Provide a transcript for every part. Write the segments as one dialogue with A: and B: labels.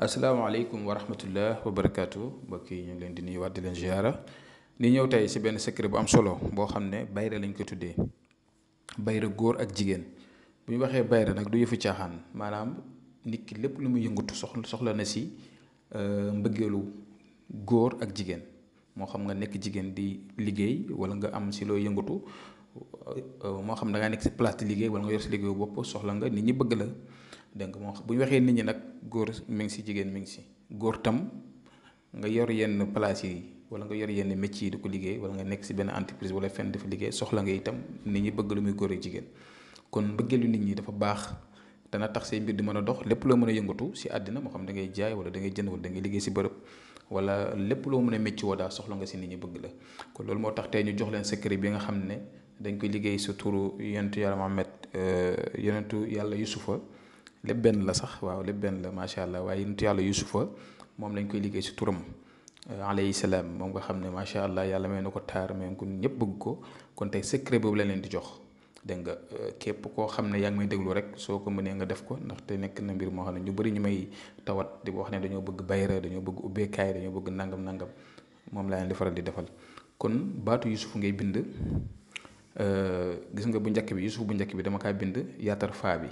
A: asalaamaaleykum wa rahmatullah wa barakaatu mbokk yi ñu ngi leen di nuyuwaat di leen ziara ni ñëw tey si benn secret bu am solo boo xam ne bayra lañ koy tuddee bayra góor ak jigéen bu ñu waxee bayra nag du yëfu caaxaan maanaam nit ki lépp lu muy yëngatu soxla soxla na si euh, mbëggeelu góor ak jigéen moo xam nga nekk jigéen di liggéey wala nga am si loo yëngatu euh, moo xam da ngaa nekk si place di liggéey wala nga yor si liggéeyu bopp soxla nga nit ñi bëgg la. dégg nga moo bu ñu waxee nit ñi nag góor mi ngi si jigéen mi ngi si góor tam nga yor yenn place yi wala nga yor yenn métier yi di ko liggéey wala nga nekk si benn entreprise wala fenn dafa liggéey soxla nga itam nit ñi bëgg lu muy góor ak jigéen kon mbëggeelu nit ñi dafa baax dana tax say mbir di mën a dox lépp loo mën a yëngatu si àddina moo xam da ngay jaay wala da ngay jënd wala da ngay liggéey wala lépp loo mën a métti daal soxla nga si nit ñi bëgg la kon loolu moo tax tey ñu jox leen secret bi nga xam ne dañ koy liggéey sa turu yonentu yàlla Muhammad euh, yonentu yàlla Yusufa lépp benn la sax waaw lépp benn la macha allah waaye yonentu yàlla Yuusufa moom lañ koy liggéey si turam euh, alayhi salaam moom nga xam ne macha allah yàlla may na ko taar may ko ñëpp bëgg ko kon tey secret boobu lañ leen di jox dégg nga euh, képp koo xam ne yaa ngi may déglu rek soo ko mënee nga def ko ndaxte nekk na mbir moo xam ne ñu bëri ñu may tawat di wax ne dañoo bëgg bayra dañoo bëgg ubbeekaay dañoo bëgg nangam nangam moom laa leen di faral di defal kon baatu Yuusuf ngay bind euh, gis nga bu njëkk bi Yuusuf bu njëkk bi dama kaa bind yaatar faa bi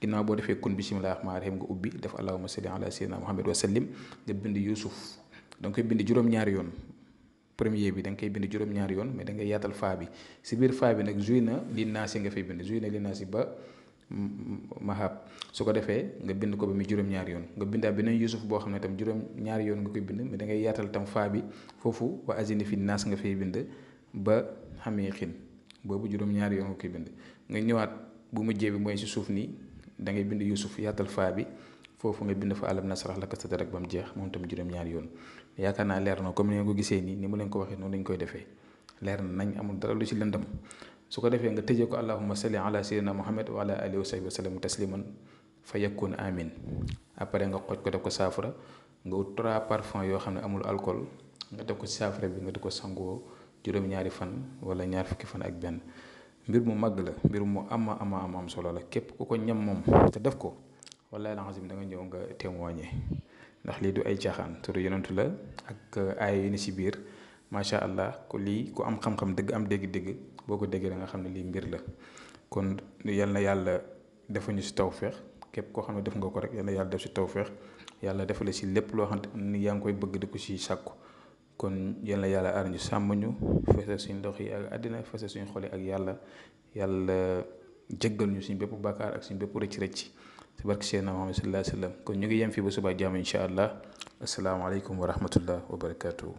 A: ginnaaw boo defee kun bisimilah rahmaani rahiim nga ubbi def allahumma salli ala sayyidina muhammad wa sallim nga bind yusuf da koy bind juróom-ñaari yoon premier bi da nga koy bind juróom-ñaari yoon mais da ngay yaatal faa bi si biir faa bi nag juy na li naasi nga fay bind juy na li naasi ba mahab su ko defee nga bind ko ba muy juróom-ñaari yoon nga bindaa beneen yusuf boo xam ne tam juróom-ñaari yoon nga koy bind mais da ngay yaatal tam faa bi foofu wa azini fi naas nga fay bind ba xamee xin boobu juróom-ñaari yoon nga koy bind nga ñëwaat bu mujjee bi mooy si suuf nii da ngay bind Yusuf yaatal faa bi foofu nga bind fa alam nasrah laka sadrak rek ba mu jeex moom tam juróom-ñaari yoon yaakaar naa leer na comme ni nga ko gisee nii ni mu leen ko waxee noonu lañ koy defee leer na nañ amul dara lu ci lëndam su ko defee nga tëjee ko allahumma salli ala sayyidina muhammad wa ala alihi wa sahbihi wa sallam tasliman fa nga xoj ko def ko saafara nga wut trois parfums yoo xam ne amul alcool nga def ko saafara bi nga di ko sangoo juróom-ñaari fan wala ñaar fukki fan ak benn mbir mu màgg la mbir mu ama am ama am solo la képp ku ko ñam moom te def ko wallaay la xasim da nga ñëw nga témoigné ndax lii du ay caaxaan turu yonentu la ak uh, aay yi ni ci biir macha allah ko lii ku am xam-xam dëgg am dégg-dégg boo ko déggee da nga xam ne lii mbir la kon yal na yàlla defuñu ci tawféex képp koo xam ne def nga ko rek yal na yàlla def ci tawféex yàlla defal la ci lépp loo xam ne yaa ngi koy bëgg di ko ci sàkku kon yal na yàlla aar ñu sàmm ñu fesal suñ ndox yi ak àddina fesal suñ xol ak yàlla yàlla jéggal ñu suñ bépp bàkkaar ak suñ bépp rëcc rëcc ci barke Seydina Muhammad sallallahu alayhi wa sallam kon ñu ngi yem fii ba subaa jàmm incha allah asalaamaaleykum wa rahmatullah wa barakaatu.